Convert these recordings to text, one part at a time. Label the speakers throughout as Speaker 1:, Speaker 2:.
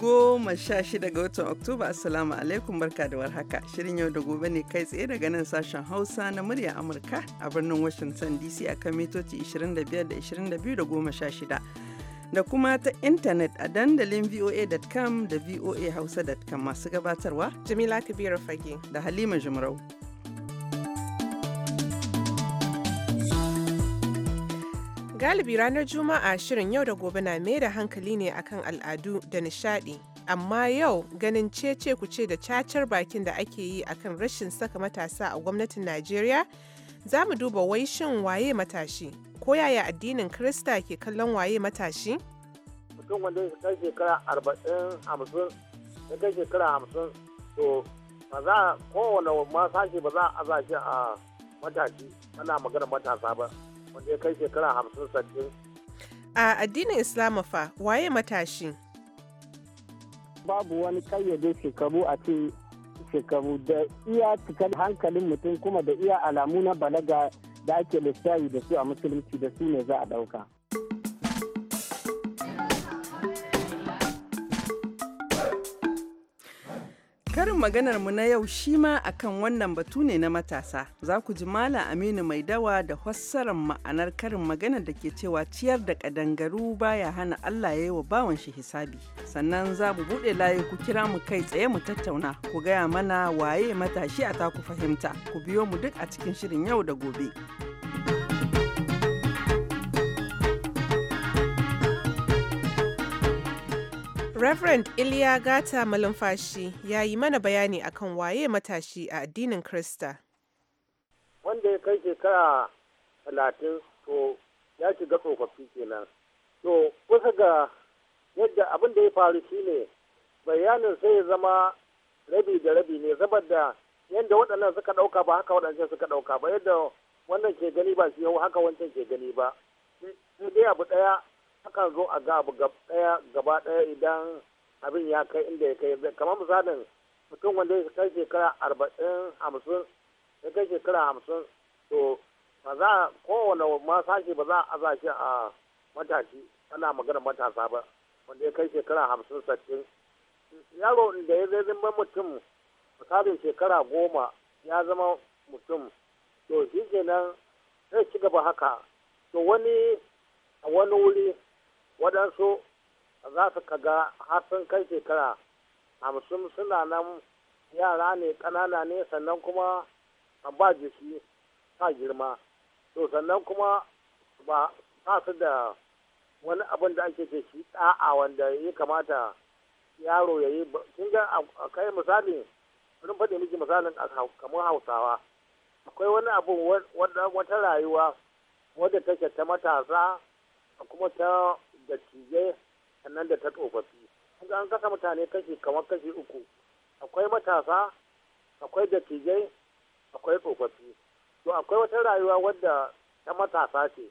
Speaker 1: goma sha shida ga watan Oktoba Assalamu alaikum barka da warhaka. Shirin yau da gobe ne kai tsaye daga nan sashen Hausa na murya Amurka a birnin Washington DC a kan mitoci 25 da 22 da goma sha shida. Da kuma ta intanet a dandalin voa.com da hausa.com masu gabatarwa. Jamila Kabiru Fage. Da Halima Jumrau.
Speaker 2: Galibi ranar Juma'a shirin yau da gobe na mai da hankali ne akan al'adu da nishadi. Amma yau ganin cece ce da cacar bakin da ake yi akan rashin saka matasa a gwamnatin Najeriya, za mu duba wai shin waye matashi, ko yaya addinin Krista ke kallon waye matashi?
Speaker 3: Mutum wanda ya kai shekara arba'in hamsin, ya kai shekara hamsin, to ba za kowane ma sashi ba za a zashi a matashi, ana magana matasa ba.
Speaker 2: A addinin Islam fa waye matashi?
Speaker 4: Babu wani kayyade shekaru a ce shekaru da iya cikar hankalin mutum kuma da iya alamu na balaga da ake lissafi da su a musulunci da su ne za a
Speaker 1: ɗauka. Karin maganar mu na yau shi ma akan wannan batu ne na matasa. Za ku ji Malam Aminu Mai Dawa da fassarar ma'anar karin maganar da ke cewa ciyar da kadangaru baya hana Allah ya yi wa bawan shi hisabi. Sannan za mu buɗe layi ku kira mu kai tsaye mu tattauna ku gaya mana waye matashi a ta ku fahimta. Ku biyo mu duk a cikin shirin yau da gobe.
Speaker 2: Reverend Iliya Gata Malumfashi ya yi mana bayani akan waye matashi a addinin Krista.
Speaker 3: Wanda ya kai shekara talatin to ya shiga tsofaffi kenan. To kusa ga yadda abin da ya faru shine bayanin sai ya zama rabi da rabi ne saboda yadda waɗannan suka ɗauka ba haka waɗancan suka ɗauka ba yadda wannan ke gani ba shi haka wancan ke gani ba. Sai dai abu ɗaya akan zo a gaba daya idan abin ya kai inda ya kai kamar misalin mutum wanda ya kai shekara arba'in hamsin ya kai shekara hamsin to ba za kowane ma ba za a aza shi a matashi ana magana matasa ba wanda ya kai shekara hamsin sattin yaro da ya zai zimbar mutum misalin shekara goma ya zama mutum to shi kenan zai ci gaba haka to wani a wani wuri waɗansu za su kaga har sun kai shekara hamsin suna nan yara ne ƙanana ne sannan kuma ba jiki ta girma to sannan kuma ba ba su da wani abin da ake ce shi ɗa'a wanda ya kamata yaro ya yi kin ga kai misali wurin faɗi miki misalin kamar hausawa akwai wani abu wata rayuwa wadda take ta matasa kuma ta dattijai sannan da ta tsofaffi kaga an kasa mutane kashi kamar kashi uku akwai matasa akwai dattijai akwai tsofaffi to akwai wata rayuwa wadda ta matasa ce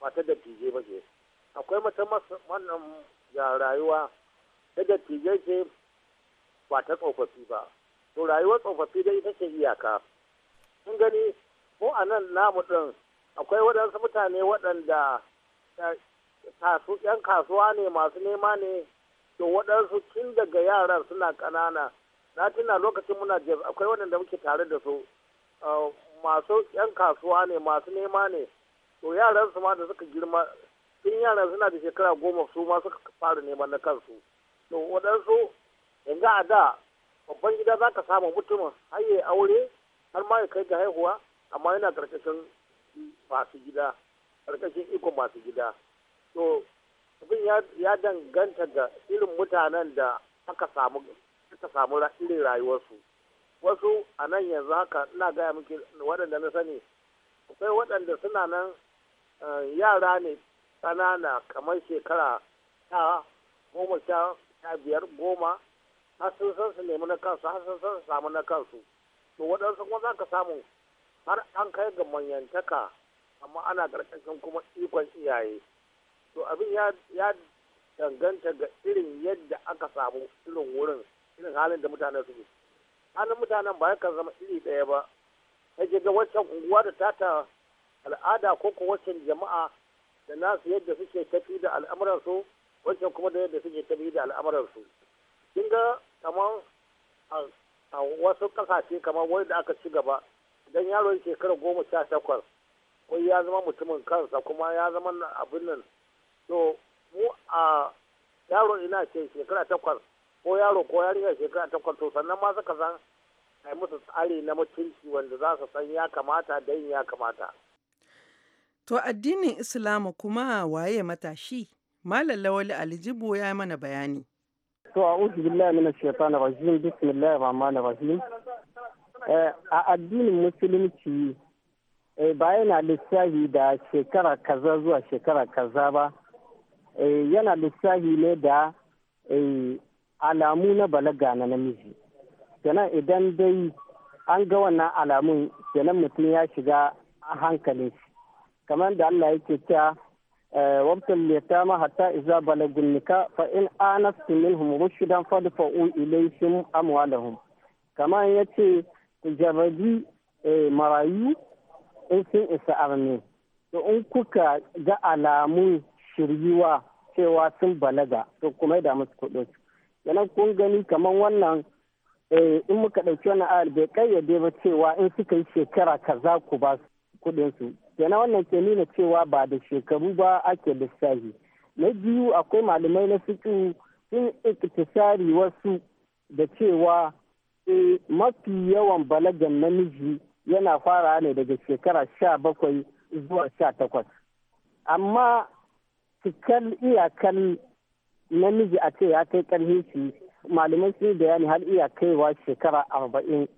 Speaker 3: ba ta dattijai ba ce akwai wata wannan rayuwa ta dattijai ce ba ta tsofaffi ba to rayuwar tsofaffi dai ita ce iyaka sun gani mu a nan namu ɗin akwai waɗansu mutane waɗanda 'yan kasuwa ne masu nema ne to waɗansu tun daga yaran suna ƙanana na tuna lokacin muna jeff akwai waɗanda muke tare da su uh, masu 'yan kasuwa ne masu nema ne to yaran su ma da suka girma tun yaran suna da shekara goma su ma suka fara neman na kansu to waɗansu yanzu a da babban gida za ka samu mutumin har ya aure har ma ya kai ga haihuwa amma yana ƙarƙashin masu gida karkashin iko masu gida to abin ya danganta ga irin mutanen da aka samu irin rayuwarsu wasu a nan yanzu haka ina gaya miki waɗanda na sani akwai waɗanda suna nan eh, yara ne ƙanana kamar shekara ta goma sha biyar goma har san su nemi na kansu har san su samu na kansu to waɗansu kuma za ka samu har an kai ga manyantaka amma ana ƙarƙashin kuma ikon iyaye to abin ya danganta ga irin yadda aka samu irin wurin irin halin da mutanen su halin mutanen ba kan zama iri ɗaya ba ta ga wancan unguwa da tata al'ada ko ko jama'a da nasu yadda suke tafi da al'amuran su wancan kuma da yadda suke tafi da su kin ga kamar a wasu ƙasashe kamar wanda aka ci gaba idan yaro yake shekara goma sha takwas wai ya zama mutumin kansa kuma ya zama abin nan to mu a yaro ina ce shekara takwas ko yaro ko yarinya shekara takwas to sannan ma suka san ai musu tsari na mutunci wanda za su san ya kamata da yin ya kamata.
Speaker 1: To addinin islamu kuma waye matashi? Malam Lawali Alijibo ya mana bayani. To a uzu
Speaker 4: billahi minash shaitanir rajim bismillahir rahmanir rahim.
Speaker 1: Eh, a addinin
Speaker 4: musulunci Eh, ba yana lissafi da shekara kaza zuwa shekara kaza ba eh, yana lissafi ne da eh, alamu na balaga na namiji kenan idan dai an ga wannan alamun kenan mutum ya shiga hankalin shi kamar da Allah yake cewa leta ma hatta iza balagun nika fa in anastu minhum rushdan fadfa'u ilayhim amwalahum kamar yace jarabi marayu in sun isa arme to in kuka ga alamun shiryuwa cewa sun balaga to kuma da musu kuɗin yana kun gani kamar wannan eh, in muka ɗauki wannan ayar bai kayyade ba cewa in suka yi shekara kaza ku ba kuɗin su kenan wannan ke nuna cewa ba da shekaru ba ake lissafi na biyu akwai malamai na fiƙi sun iktisari wasu da cewa eh, mafi yawan balagan namiji yana fara ne daga shekara sha bakwai zuwa sha takwas amma cikar iyakar namiji a ce ya kai karfi shi malamai sun bayani har iya kaiwa shekara arba'in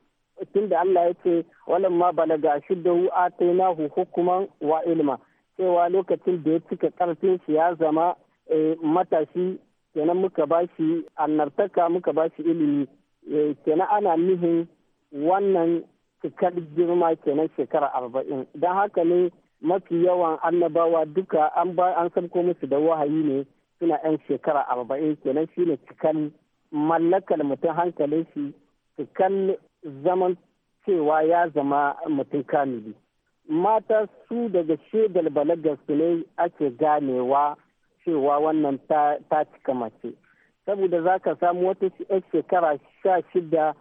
Speaker 4: tunda Allah ya ce wannan ma balaga shiddahu nahu hukuman wa ilma cewa lokacin da ya cika karfin shi ya zama eh, matashi kenan muka ba shi annartaka muka ba shi ilimi eh, kenan ana nihin wannan cikar girma kenan shekara arba'in don haka ne mafi yawan annabawa duka an ba an sabko musu da wahayi ne suna yan shekara arba'in kenan shine cikan mallakar mutum hankalin shi cikan zaman cewa ya zama mutum kamili mata su daga shedar balagar su ne ake ganewa cewa wannan ta cika mace saboda za ka samu wata shekara sha shida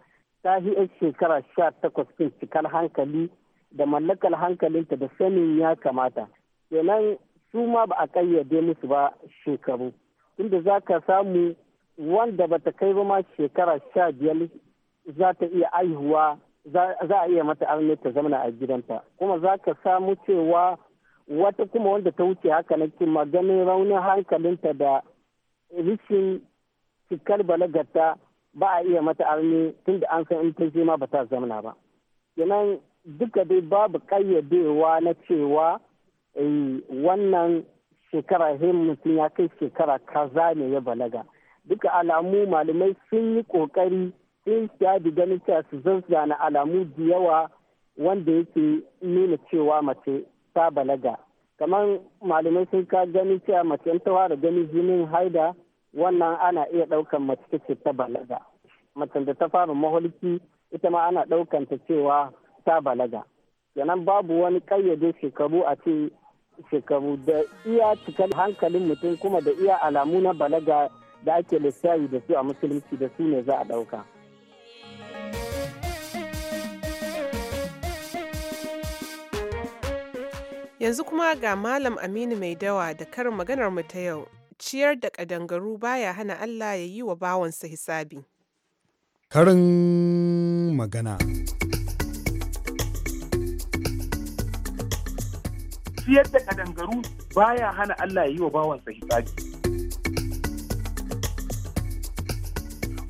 Speaker 4: ta yi yan shekara sha takwas ɗin cikar hankali da mallakar hankalinta da sanin ya kamata kenan su ma ba a kayyade musu ba shekaru inda za ka samu wanda ba ta kai ba ma shekara sha biyar za ta iya aihuwa za a iya mata arne ta zamana a gidanta kuma za ka samu cewa wata kuma wanda ta wuce haka na maganin raunin hankalinta da rishin cikar balagarta ba a iya mata arni tun da an san in ta ma ba ta zamana ba kenan duka dai babu ƙayyadewa na cewa eh, wannan shekara mutum ya kai shekara kaza ne ya balaga duka alamu malamai sun yi ƙoƙari sun da ganin cewa su zazzana alamu da yawa wanda yake nuna cewa mace ta balaga kamar malamai sun ka gani cewa mace ta fara ganin jinin haida wannan ana iya ɗaukan mace ce ta balaga macen da ta fara maholiki ita ma ana ɗaukan ta cewa ta balaga kenan babu wani ƙayyade shekaru a ce shekaru da iya cikar hankalin mutum kuma da iya alamu na balaga da ake lissafi da su a musulunci da su ne za a ɗauka.
Speaker 2: Yanzu kuma ga Malam Aminu Mai Dawa da karin maganar mu ta yau. ciyar da ƙadangaru baya hana Allah ya yi wa bawansa hisabi.
Speaker 5: Karin magana.
Speaker 6: Ciyar da ƙadangaru baya hana Allah ya yi wa bawansa hisabi.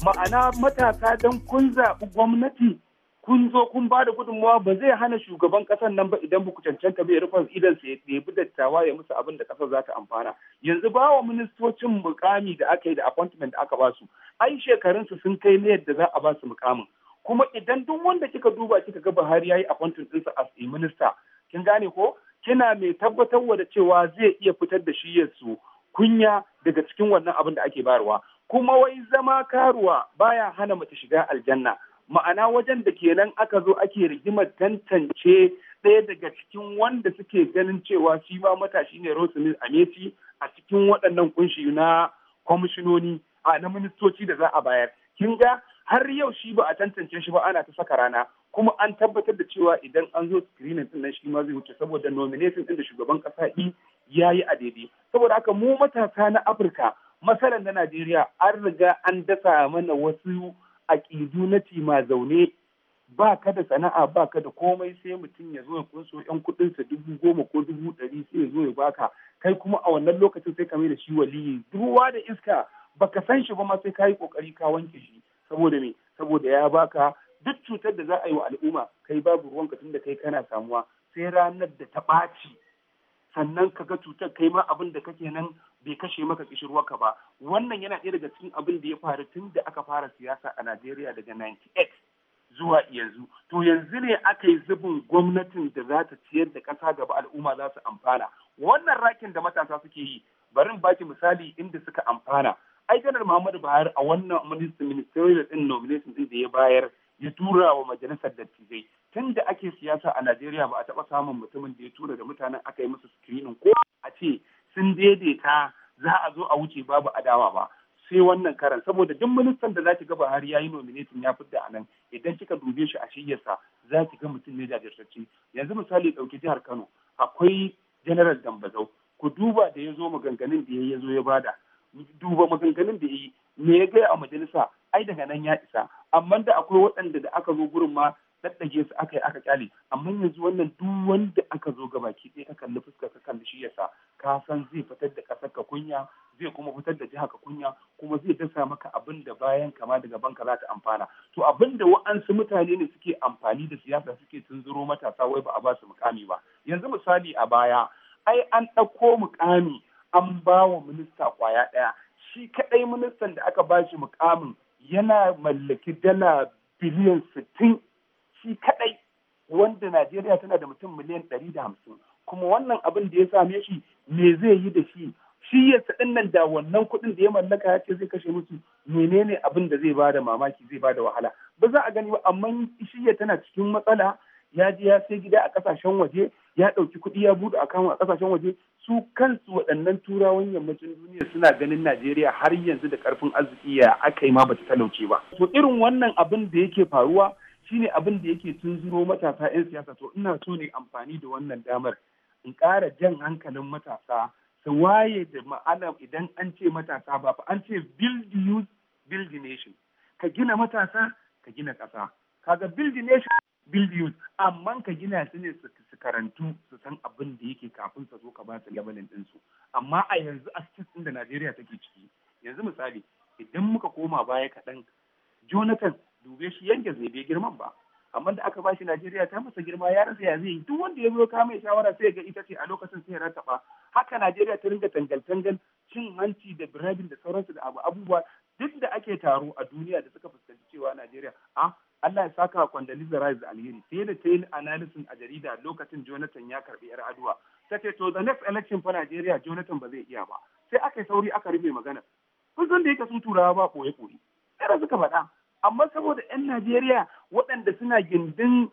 Speaker 6: Ma'ana matasa don kun zaɓi gwamnati kun zo kun ba da gudunmawa ba zai hana shugaban ƙasar nan ba idan ba ku cancanta bai rufe idan su ya bi dattawa ya musu abin da ƙasar za ta amfana yanzu ba wa ministocin mukami da aka yi da appointment da aka ba su ai su sun kai ne yadda za a ba su mukamin kuma idan duk wanda kika duba kika ga Buhari yayi appointment ɗinsa as a minister kin gane ko kina mai tabbatarwa da cewa zai iya fitar da shi ya su kunya daga cikin wannan abin da ake bayarwa kuma wai zama karuwa baya hana mace shiga aljanna ma'ana wajen da kenan aka zo ake rigimar tantance ɗaya daga cikin wanda suke ganin cewa shi ma matashi ne Rosemary Ameti a cikin waɗannan kunshi na kwamishinoni a na ministoci da za a bayar. Kin ga har yau shi ba a tantance shi ba ana ta saka rana kuma an tabbatar da cewa idan an zo screening din nan shi ma zai wuce saboda nomination din da shugaban kasa yi ya yi a daidai. Saboda haka mu matasa na Afirka masalan na Najeriya an riga an dasa mana wasu aƙidu na tima zaune ba ka da sana'a ba ka da komai sai mutum ya zo ya kunso yan kuɗinsa dubu goma ko dubu ɗari sai ya zo ya baka kai kuma a wannan lokacin sai ka mai da shi waliyi ruwa da iska baka san shi ba ma sai ka yi ƙoƙari ka wanke shi saboda me saboda ya baka duk cutar da za a yi wa al'umma kai babu ruwanka da kai kana samuwa sai ranar da ta ɓaci sannan ka ga cutar kai ma abin da kake nan bai kashe maka kishirwarka ba wannan yana ɗaya daga cikin abin da ya faru tun da aka fara siyasa a najeriya daga 98 zuwa yanzu to yanzu ne aka yi zubin gwamnatin da za ta ciyar da ƙasa gaba al'umma za su amfana wannan rakin da matasa suke yi barin baki misali inda suka amfana ai janar muhammadu buhari a wannan ministry din nomination din da ya bayar ya tura wa majalisar dattijai tun da ake siyasa a najeriya ba a taɓa samun mutumin da ya tura da mutanen aka yi musu screening ko a ce sun daidaita za a zo a wuce babu adawa ba sai wannan karan saboda duk ministan da za zaki ga Buhari yayi nominatin ya fitta a nan idan kika dube shi a shiyyarsa za ki ga mutum ne jajirtacce yanzu misali ɗauki jihar Kano akwai General Dambazau ku duba da ya zo maganganun da ya zo ya bada duba maganganun da ya yi me ya gaya a majalisa ai daga nan ya isa amma da akwai waɗanda da aka zo gurin ma daddage su aka yi aka kyale amma yanzu wannan duk wanda aka zo gaba ɗaya ka kalli fuska ka kalli shi yasa ka san zai fitar da ƙasar ka kunya zai kuma fitar da jiha ka kunya kuma zai dasa maka abin da bayan kama daga banka za ta amfana to abin da wa'ansu mutane ne suke amfani da siyasa suke tunzuro matasa wai ba a ba su mukami ba yanzu misali a baya ai an ɗauko mukami an ba wa minista kwaya ɗaya shi kaɗai ministan da aka ba shi mukamin yana mallaki dala biliyan sittin shi kadai wanda Najeriya tana da mutum miliyan ɗari da hamsin kuma wannan abin da ya same shi me zai yi da shi shi ya saɗin nan da wannan kuɗin da ya mallaka ya ce zai kashe musu menene abin da zai bada mamaki zai bada wahala ba za a gani ba amma shi ya tana cikin matsala ya je ya sai gida a kasashen waje ya ɗauki kuɗi ya buɗe akawun a kasashen waje su kansu waɗannan turawan yammacin duniya suna ganin Najeriya har yanzu da ƙarfin arziki ya aka yi ma bata talauce ba. To irin wannan abin da yake faruwa shine abin da yake tunzuro matasa 'yan siyasa to ina so ne amfani da wannan damar in kara jan hankalin matasa su waye da ma'ana idan an ce matasa ba fa an ce build youth build nation ka gina matasa ka gina ƙasa kaga build nation build youth amma ka gina su ne su karantu su san abin da yake kafin su zo ka ba su labalin ɗinsu amma a yanzu a cikin da Najeriya take ciki yanzu misali idan muka koma baya kaɗan Jonathan dube shi yanke zai bai girman ba amma da aka bashi Najeriya ta masa girma ya rasa ya zai duk wanda ya zo ka mai shawara sai ga ita ce a lokacin sai rata ba haka Najeriya ta ringa tangal-tangal cin hanci da birabin da sauransu da abu abubuwa duk da ake taro a duniya da suka fuskanci cewa Najeriya a ah, Allah ya saka Condoleezza Rice alheri sai da ta yi analysis a jarida lokacin Jonathan ya karbi yar aduwa ta ce to the next election fa Najeriya Jonathan ba zai iya ba sai aka yi sauri aka rufe magana kun san da yake sun turawa ba koyi koyi sai suka faɗa amma saboda 'yan najeriya waɗanda suna gindin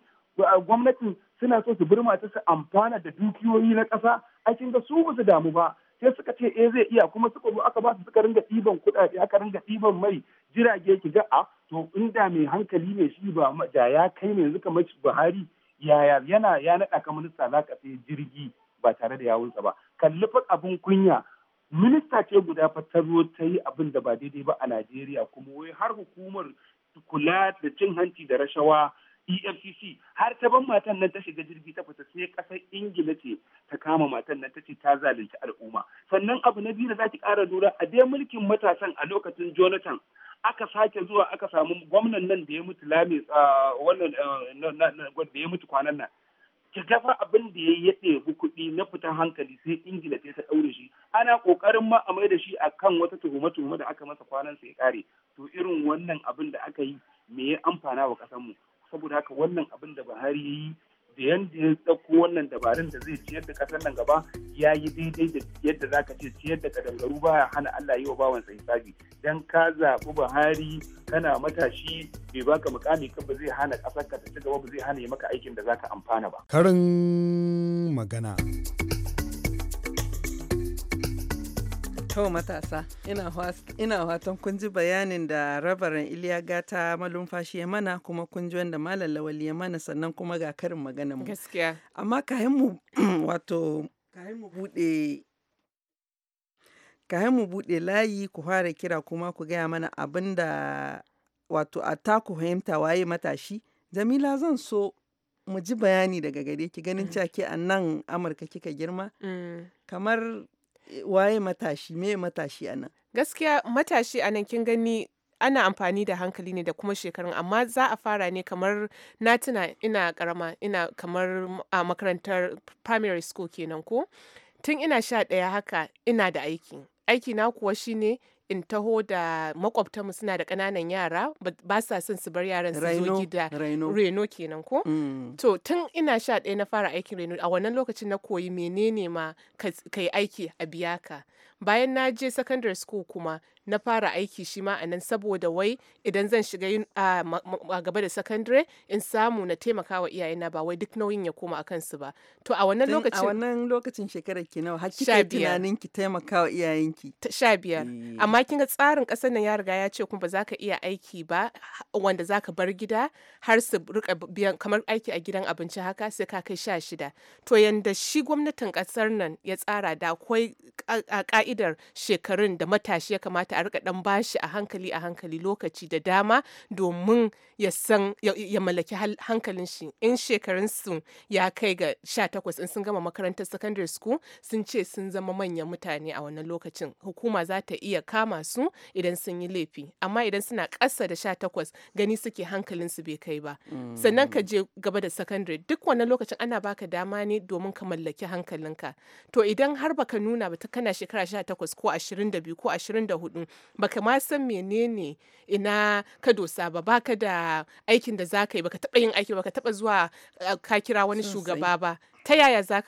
Speaker 6: ah, gwamnatin suna so su birma ta su amfana da dukiyoyi na ƙasa a ga su ba su damu ba sai suka ce eh zai iya kuma suka zo aka ba su suka ringa ɗiban kuɗaɗe aka ringa ɗiban mai jirage ki ga a ah, to inda mai hankali mai shi ba da ya kai mai yanzu kamar Buhari yaya yana ya naɗa ka minista za ka sai jirgi ba tare da yawunsa ba kalli fa abin kunya minista ce guda fa ta zo ta yi abin da ba daidai ba a Najeriya kuma wai har hukumar kula da cin hanci da rashawa EFCC har ta ban matan nan ta shiga jirgi ta fita sai kasar Ingila ce ta kama matan nan ta ce ta zalunci al'umma. Sannan abu na biyu da za ki kara lura a dai mulkin matasan a lokacin Jonathan aka sake zuwa aka samu gwamnan nan da ya mutu lami ah, wannan eh, da ya mutu kwanan nan ki gafa abin da ya ya ɗebi kuɗi na fitan hankali sai ingila ta ɗaure shi ana ƙoƙarin ma a mai da shi a kan wata tuhuma tuhuma da aka masa kwanan ya ƙare to irin wannan abin da aka yi me ya amfana wa mu saboda haka wannan abin da buhari ya yi yadda ya ɗauko wannan dabarun da zai ciyar da ƙasar nan gaba ya yi daidai da yadda za ka ce ciyar da kadangaru baya hana Allah yi wa bawan bawansa sabi dan ka zaɓi Buhari kana matashi bai baka mukami kan ba zai hana ƙasar ka ta ci gaba ba zai hana yi maka aikin da za ka amfana
Speaker 5: ba. Karin magana.
Speaker 1: To matasa, ina watan kun ji bayanin da rabaran Iliya gata malumfashi ya mana kuma kun ji wanda malam lawali ya mana sannan kuma ga karin magana mu. Gaskiya. Amma kayan mu wato kayan mu bude kayan mu bude layi ku fara kira kuma ku gaya mana abin wato a taku fahimta waye matashi. Jamila zan so mu ji bayani daga gare ki ganin cewa ke a nan Amurka kika girma. Mm. Kamar waye matashi me matashi nan gaskiya matashi a nan kin gani ana amfani da
Speaker 2: hankali ne da kuma shekarun amma za a fara ne kamar na tuna ina karama ina kamar a makarantar primary school kenan ko tun ina sha ɗaya haka ina da aiki aiki na kuwa shine in taho da makwabtanmu suna da ƙananan yara ba sa son su bar yaran su zo gida reno kenan ko mm. to tun ina sha ɗaya na fara aikin reno a wannan lokacin na koyi menene ma ka yi aiki a biyaka. bayan na je secondary school kuma na fara aiki shi ma a nan saboda wai idan zan shiga a gaba da secondary in samu na taimaka wa iyayena ba wai duk nauyin ya koma a kansu ba to a wannan lokacin a
Speaker 1: wannan lokacin shekarar ki nawa har kike tunanin ki
Speaker 2: taimaka wa iyayenki sha biyar eh. amma kinga tsarin kasar nan ya riga ya ce kuma ba za ka iya aiki ba wanda za ka bar gida har su rika biyan kamar aiki a gidan abinci haka sai ka kai sha shida to yanda shi gwamnatin kasar nan ya tsara da akwai ka'idar shekarun da matashi ya kamata a rika dan bashi a hankali a hankali lokaci da dama domin ya san ya mallaki hankalin shi in shekarun su ya kai ga takwas in sun gama makarantar secondary school sun ce sun zama manyan mutane a wannan lokacin hukuma za ta iya kama su idan sun yi laifi amma idan suna ƙasa da sha takwas gani suke hankalin su bai kai ba sannan ka mm. je gaba da secondary duk wannan lokacin ana baka dama ne domin ka mallaki hankalinka to idan har baka nuna ba ta kana shekara takwas ko ashirin da biyu ko ashirin da hudu baka ma san menene ina ka dosa ba baka da aikin da za ka yi baka taɓa yin aiki baka taɓa zuwa eh, ka kira wani shugaba
Speaker 1: ba ta yaya za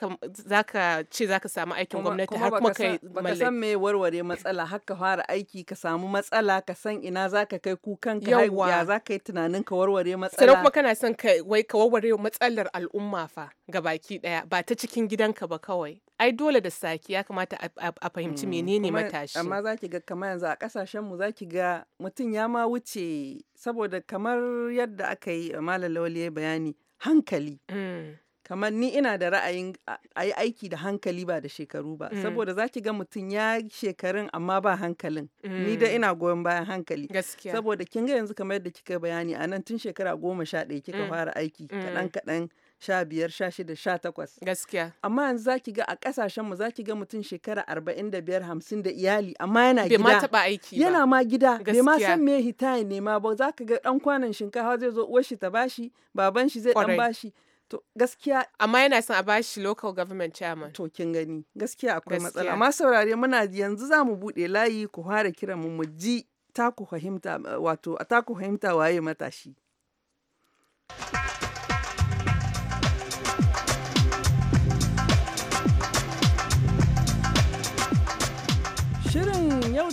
Speaker 1: ka ce za ka samu aikin gwamnati har kuma kai ka san me warware matsala har ka fara aiki ka samu matsala ka san ina za ka kai kukan ka ya za ka yi tunanin ka warware matsala sannan kuma kana son ka wai ka warware matsalar al'umma
Speaker 2: fa ga baki daya ba ta cikin gidanka ba kawai ai dole da saki ya kamata a fahimci mm, menene matashi amma
Speaker 1: zaki ga kamar yanzu a kasashen mu zaki ga mutum ya ma wuce saboda kamar yadda aka yi eh, malam lawali bayani hankali mm. kamar ni ina da ra'ayin a yi aiki da hankali ba da shekaru ba mm. saboda za ki ga mutum ya shekarun amma ba hankalin ni da ina goyon bayan hankali saboda kin ga yanzu kamar yadda kika bayani a nan tun shekara goma sha ɗaya kika fara aiki kaɗan kaɗan sha biyar sha shida sha takwas gaskiya amma yanzu zaki ga a kasashen mu ki ga mutum shekara arba'in da biyar hamsin da iyali amma yana gida bai ma taba aiki ba yana ma gida bai ma san me hita ne ma ba za ka ga dan kwanan shinkafa zai zo uwar shi ta bashi baban shi zai dan bashi to gaskiya
Speaker 2: amma yana son a bashi local government chairman to kin gani gaskiya
Speaker 1: akwai matsala amma saurare muna yanzu za mu buɗe layi ku fara kiran mu mu ji ta ku fahimta wato a ta ku fahimta waye matashi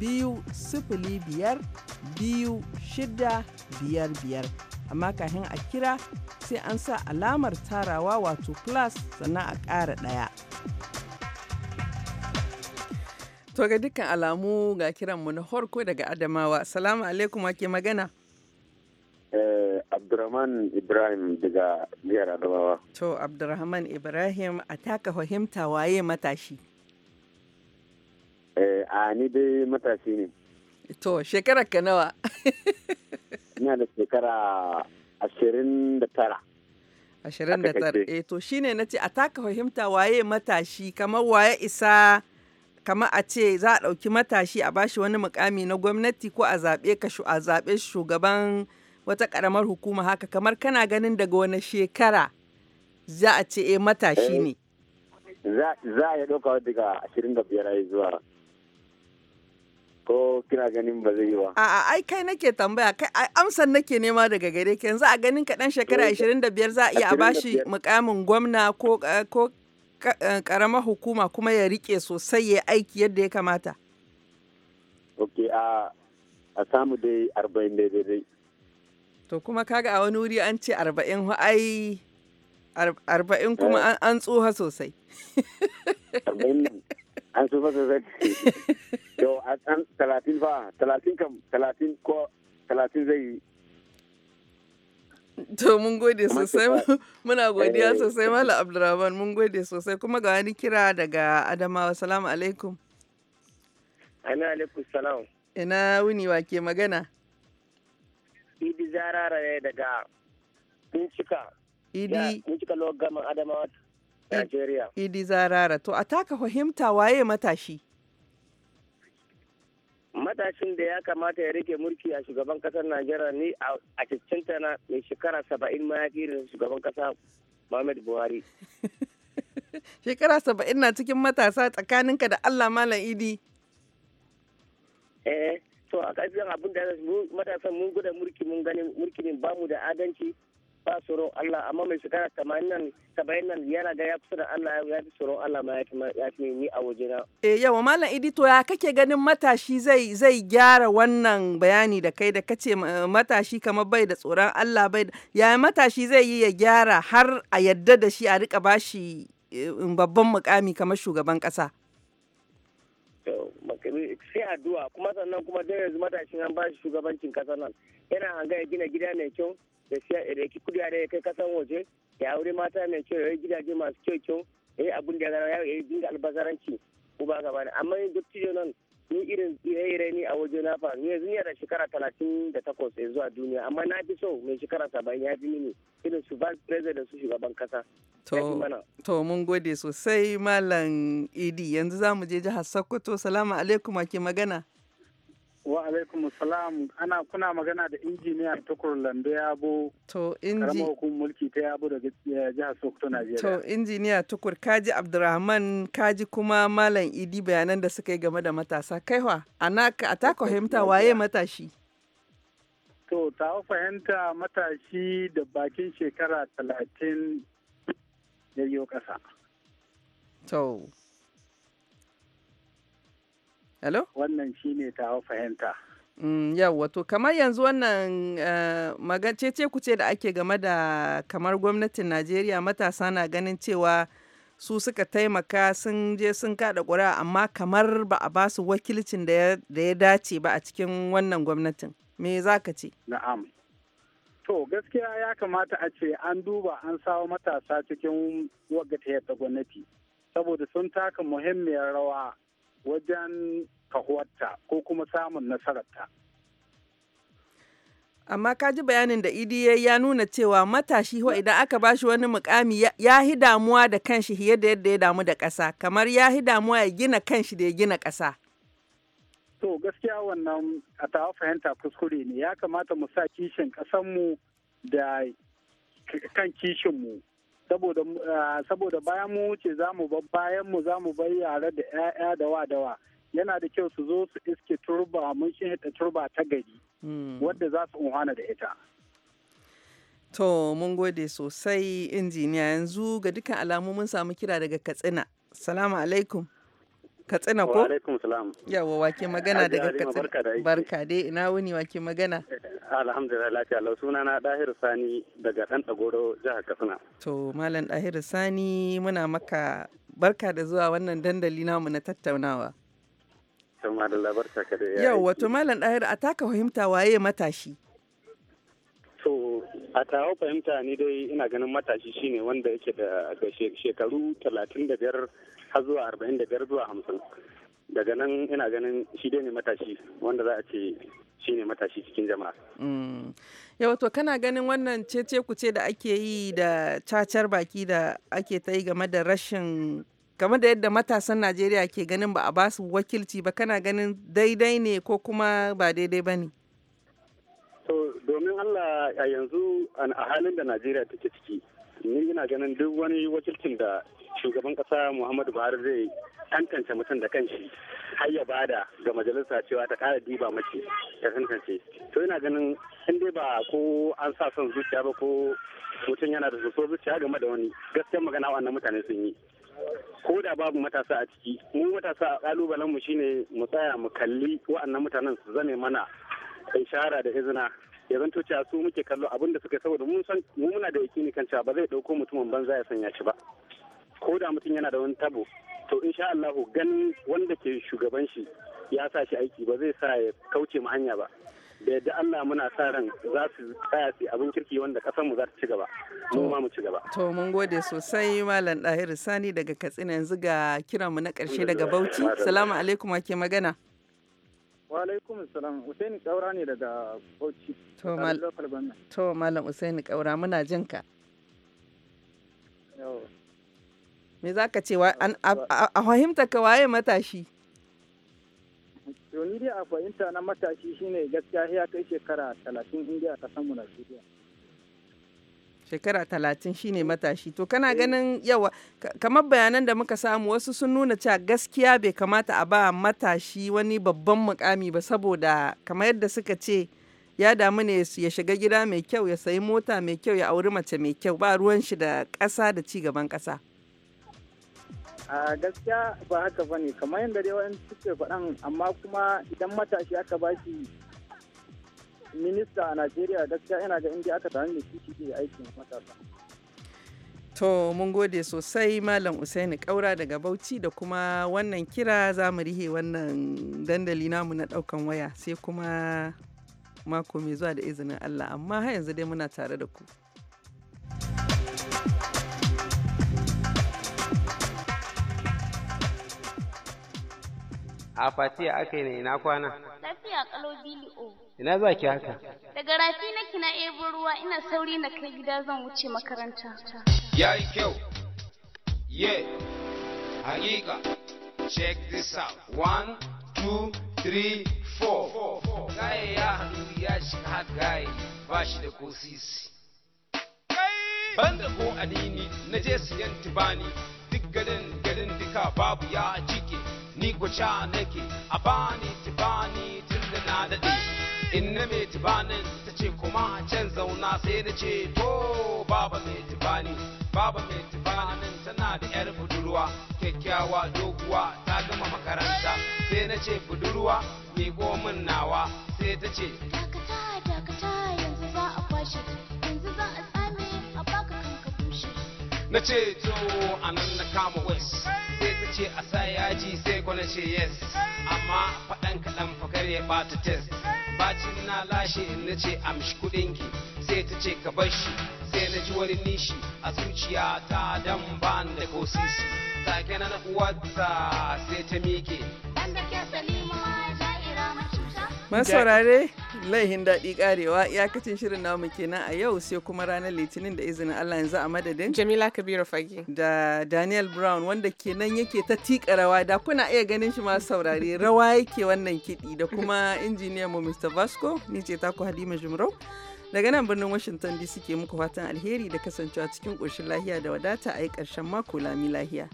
Speaker 1: biyu sifili biyar biyu shida biyar biyar amma kafin a kira sai an sa alamar tarawa wato plus sannan a ƙara ɗaya. To ga dukkan alamu ga kiranmu na horko daga Adamawa. Salamu alaikum wake magana.
Speaker 7: Eh, Abdurrahman Ibrahim daga jihar Adamawa.
Speaker 1: To Abdurrahman Ibrahim a taka fahimta waye matashi.
Speaker 7: a ni dai matashi ne.
Speaker 1: To, shekarar ka nawa?
Speaker 7: Ina da shekara ashirin da tara.
Speaker 1: Ashirin da tara. Eh, to shine na ce a taka fahimta waye matashi kamar waye isa kamar a ce za a ɗauki matashi a bashi wani mukami na gwamnati ko a zaɓe ka a zaɓe shugaban wata ƙaramar hukuma haka kamar kana ganin daga wani shekara za a ce eh matashi eh, ne.
Speaker 7: Za a iya ɗauka daga ashirin da biyar zuwa ko kina ganin ba zai yi ba.
Speaker 1: A'a ai kai nake tambaya kai amsan nake nema daga gare ki yanzu a ganin ka dan shekara 25 za a iya a bashi mukamin gwamna ko eh, ko karamar eh, hukuma kuma ya rike sosai ya aiki yadda ya kamata.
Speaker 7: Ok a a samu dai 40 daidai.
Speaker 1: To kuma kaga a wani wuri an ce 40 ai arba'in kuma eh. an tsoha sosai.
Speaker 7: Arba'in an tsoha sosai. to a ɗan talatin fa talatin kam talatin ko talatin zai yi
Speaker 1: To mun gode sosai muna godiya eh. sosai Mala Abdurrahman mun gode sosai kuma ga wani kira daga Adamawa salamu alaikum.
Speaker 8: Ana alaikum salam.
Speaker 1: Ina wuni wa ke magana?
Speaker 8: Idi zarara ne daga Kuncika. Idi. Kuncika logaman Adamawa Najeriya.
Speaker 1: Idi zarara to a taka fahimta waye matashi?
Speaker 8: matashin da ya kamata ya rike mulki a shugaban kasar najeriya ni a cancanta na mai shekara saba'in ma ya irin shugaban kasa muhammad buhari
Speaker 1: shekara saba'in na cikin matasa tsakaninka da allah malam idi eh to
Speaker 8: a ƙasar abin da matasan mun gudan mulki mun gani mulki ne bamu da adanci. ba tsoron Allah amma mai shekara tamanin nan saba'in nan yana ga ya fi da Allah ya fi tsoron Allah ma ya fi ni a
Speaker 9: wajena.
Speaker 1: E yawa malam edito ya kake ganin matashi zai zai gyara wannan bayani da kai da kace eh, matashi kamar bai da tsoron Allah bai da ya matashi zai yi ya gyara har a yadda da shi a rika bashi eh, babban mukami kamar shugaban kasa.
Speaker 8: sai addu'a kuma sannan kuma dai yanzu matashin an bashi shugabancin kasa nan yana hanga ya gina gida mai kyau da da da ya kai kasan waje ya aure mata mai kyau ya yi gidaje masu kyau kyau ya yi abin da ya yi dinga albazaranci ko ba gaba ne amma yin tijo nan ni irin tsire ni a waje na fa ni yanzu da shekara talatin da takwas zuwa duniya amma na fi so mai shekara saba'in ya fi mini irin su vice
Speaker 5: president su shugaban kasa
Speaker 1: To, mun gode sosai Malam Idi yanzu za mu je jihar Sokoto. Salamu alaikum ake magana.
Speaker 5: Wa alaikum salam ana kuna magana da injiniya tukur lambe yabo. To inji. mulki ta yabo daga eh, jihar Sokoto Najeriya. To
Speaker 1: injiniya tukur kaji Abdurrahman kaji kuma Malam Idi bayanan da suka yi game da matasa kaiwa a a ta fahimta waye matashi.
Speaker 5: To ta fahimta matashi da bakin shekara talatin ya yi ƙasa. To. Hello? Wannan shi ne ta fahimta.
Speaker 1: Mm, Yawwa, to kamar yanzu wannan uh, eh, magancece ku ce da ake game da kamar gwamnatin Najeriya matasa na ganin cewa su suka taimaka sun je sun kada ƙuri'a amma kamar ba a basu wakilcin da ya dace ba a cikin wannan gwamnatin. Me za ka ce? Na'am.
Speaker 5: To gaskiya ya kamata a ce an duba an sawo matasa cikin wagga ta gwamnati saboda sun taka muhimmiyar rawa wajen kahuwarta ko kuma samun nasararta.
Speaker 1: Amma ka ji bayanin da idi ya nuna cewa matashi wa idan aka bashi wani mukami ya hi damuwa da kanshi fiye da yadda ya damu da ƙasa, kamar ya hi damuwa ya gina kanshi da ya gina ƙasa.
Speaker 5: To gaskiya wannan a ta fahimta kuskure ne ya kamata mu sa kishin ƙasanmu da kan kishinmu Eh, saboda bayan mu wuce za mu ba bayan mu za mu bar yara da 'ya'ya da wa dawa yana da kyau su zo su iske turba mun shirya turba ta gari hmm. wadda za su unhana da ita
Speaker 1: to mun gode sosai injiniya yanzu ga dukkan alamu mun samu kira daga katsina salamu alaikum katsina ko? alaikum salam yawa wake magana daga katsina barka dai ina wuni wake magana eh,
Speaker 7: alhamdulillah lafiya lau suna na dahir sani daga ɗan dagoro jihar
Speaker 1: katsina to malam dahir sani muna maka barka da zuwa wannan dandali namu na tattaunawa yawa to malam dahir a taka fahimta waye matashi
Speaker 7: to a tawo fahimta ni dai ina ganin matashi shine wanda yake da shekaru talatin da biyar har zuwa arba'in da biyar zuwa hamsin daga nan ina ganin shi dai ne matashi wanda za a ce shi ne matashi cikin jama'a.
Speaker 1: Mm. Yawa to kana ganin wannan cece kuce da ake yi da cacar baki da ake ta yi game da rashin game da yadda matasan Najeriya ke ganin ba a basu wakilci ba kana ganin daidai ne ko kuma ba daidai ba ne?
Speaker 7: domin allah a yanzu a halin da najeriya take ciki ni ina ganin duk wani wakilcin da shugaban kasa muhammadu buhari zai tantance mutum da kanshi har ya bada ga majalisa cewa ta kara diba mace ta tantance to ina ganin in dai ba ko an sa son zuciya ba ko mutum yana da so zuciya game da wani gaskiyar magana wannan mutane sun yi ko da babu matasa a ciki mu matasa a kalubalen mu shine mu tsaya mu kalli wa'annan mutanen su zame mana ishara da izina ya zanto cewa su muke kallo abin da suka saboda mun san mu muna da yakini kan cewa ba zai dauko mutumin banza ya sanya shi ba ko da mutum yana da wani tabo to insha Allah ganin wanda ke shugaban shi ya sa shi aiki ba zai sa ya kauce mu hanya ba da yadda Allah muna sa ran za su tsaya su abin kirki wanda mu za ta ci gaba mu ma mu ci
Speaker 1: gaba to mun gode sosai malam Dahir Sani daga Katsina yanzu ga kiranmu na karshe daga Bauchi salamu alaikum ake magana
Speaker 5: Wa alaikum salam Usaini Kaura ne daga Bauchi. To malam
Speaker 1: To malam Usaini Kaura muna jin ka. Me za ka ce a fahimta ka waye matashi?
Speaker 5: Yau ni dai a fahimta na matashi shine gaskiya ya kai shekara talatin indiya a kasan mu Najeriya.
Speaker 1: shekara talatin shine mm. matashi to kana mm. ganin yawa kamar bayanan da muka samu wasu sun nuna cewa gaskiya bai kamata a ba matashi wani babban mukami ba saboda kamar yadda suka ce ya damu ne ya shiga gida mai kyau ya sayi mota mai kyau ya auri mace mai kyau ba ruwan shi da ƙasa da ci gaban ƙasa
Speaker 5: a gaskiya ba haka
Speaker 3: bane kamar yadda dai wani suke faɗan amma kuma idan matashi aka ba shi minista a Najeriya gaskiya yana ga inda aka tare da shi shi ke aikin matasa.
Speaker 1: To mun gode sosai Malam Usaini Kaura daga Bauchi da kuma wannan kira za mu rihe wannan dandali namu na daukan waya sai kuma mako mai zuwa da izinin Allah amma har yanzu dai muna tare da ku.
Speaker 9: A fatiya aka yi na kwana.
Speaker 1: lafiya kalau bili'o.
Speaker 9: Ina za ki haka?
Speaker 1: Daga rafi na kina ebo ruwa ina sauri na kai gida zan wuce makaranta.
Speaker 9: Ya yi kyau. Ye. Hakika. Check this out. One, two, three, four. Gaye ya hannu ya shiga har gaye ba shi da ko sisi. Banda ko adini na je siyan tubani duk garin garin duka babu ya cike ni gwacha nake a bani tubani in na mai tibanin ta ce kuma can zauna sai na ce to baba mai tibani baba mai tibanin tana da yar budurwa kyakkyawa doguwa ta gama makaranta sai na ce budurwa mai komin nawa sai ta ce dakata dakata yanzu za a kwashe yanzu za a tsame a baka kanka bushe na ce to anan na kama west sai ta ce a sa yaji sai kwanace yes amma faɗan kaɗan fakar ya ɓata test bacin na lashe na ce amshi kudin ki sai ta ce ka bar shi sai na ji wani nishi a zuciya ta dan ban da ko sisi take na uwarta sai ta mike masaurare
Speaker 1: laihin daɗi karewa iyakacin shirin namu kenan a yau sai kuma ranar litinin da izinin Allah yanzu a madadin Jamila Kabiru Fage da Daniel Brown wanda kenan yake ta tika rawa da kuna iya ganin shi masaurare rawa yake wannan kiɗi da kuma injiniyan mu Mr. Vasco ni ce taku Halima Jumrau daga nan birnin Washington DC ke muku fatan alheri da kasancewa cikin ƙoshin lahiya da wadata a yi ƙarshen mako lami lahiya.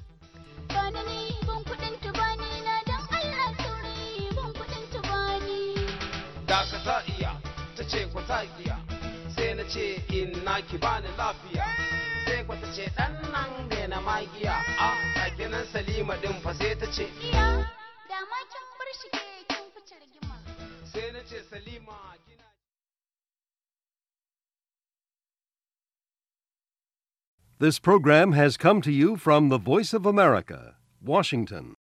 Speaker 9: ce bani lafiya sai kwata ce dan nan na magiya a takinan salima din fa sai ta ce iya da ma kin kin fice rigima sai na ce salima
Speaker 5: This program has come to you from the Voice of America, Washington.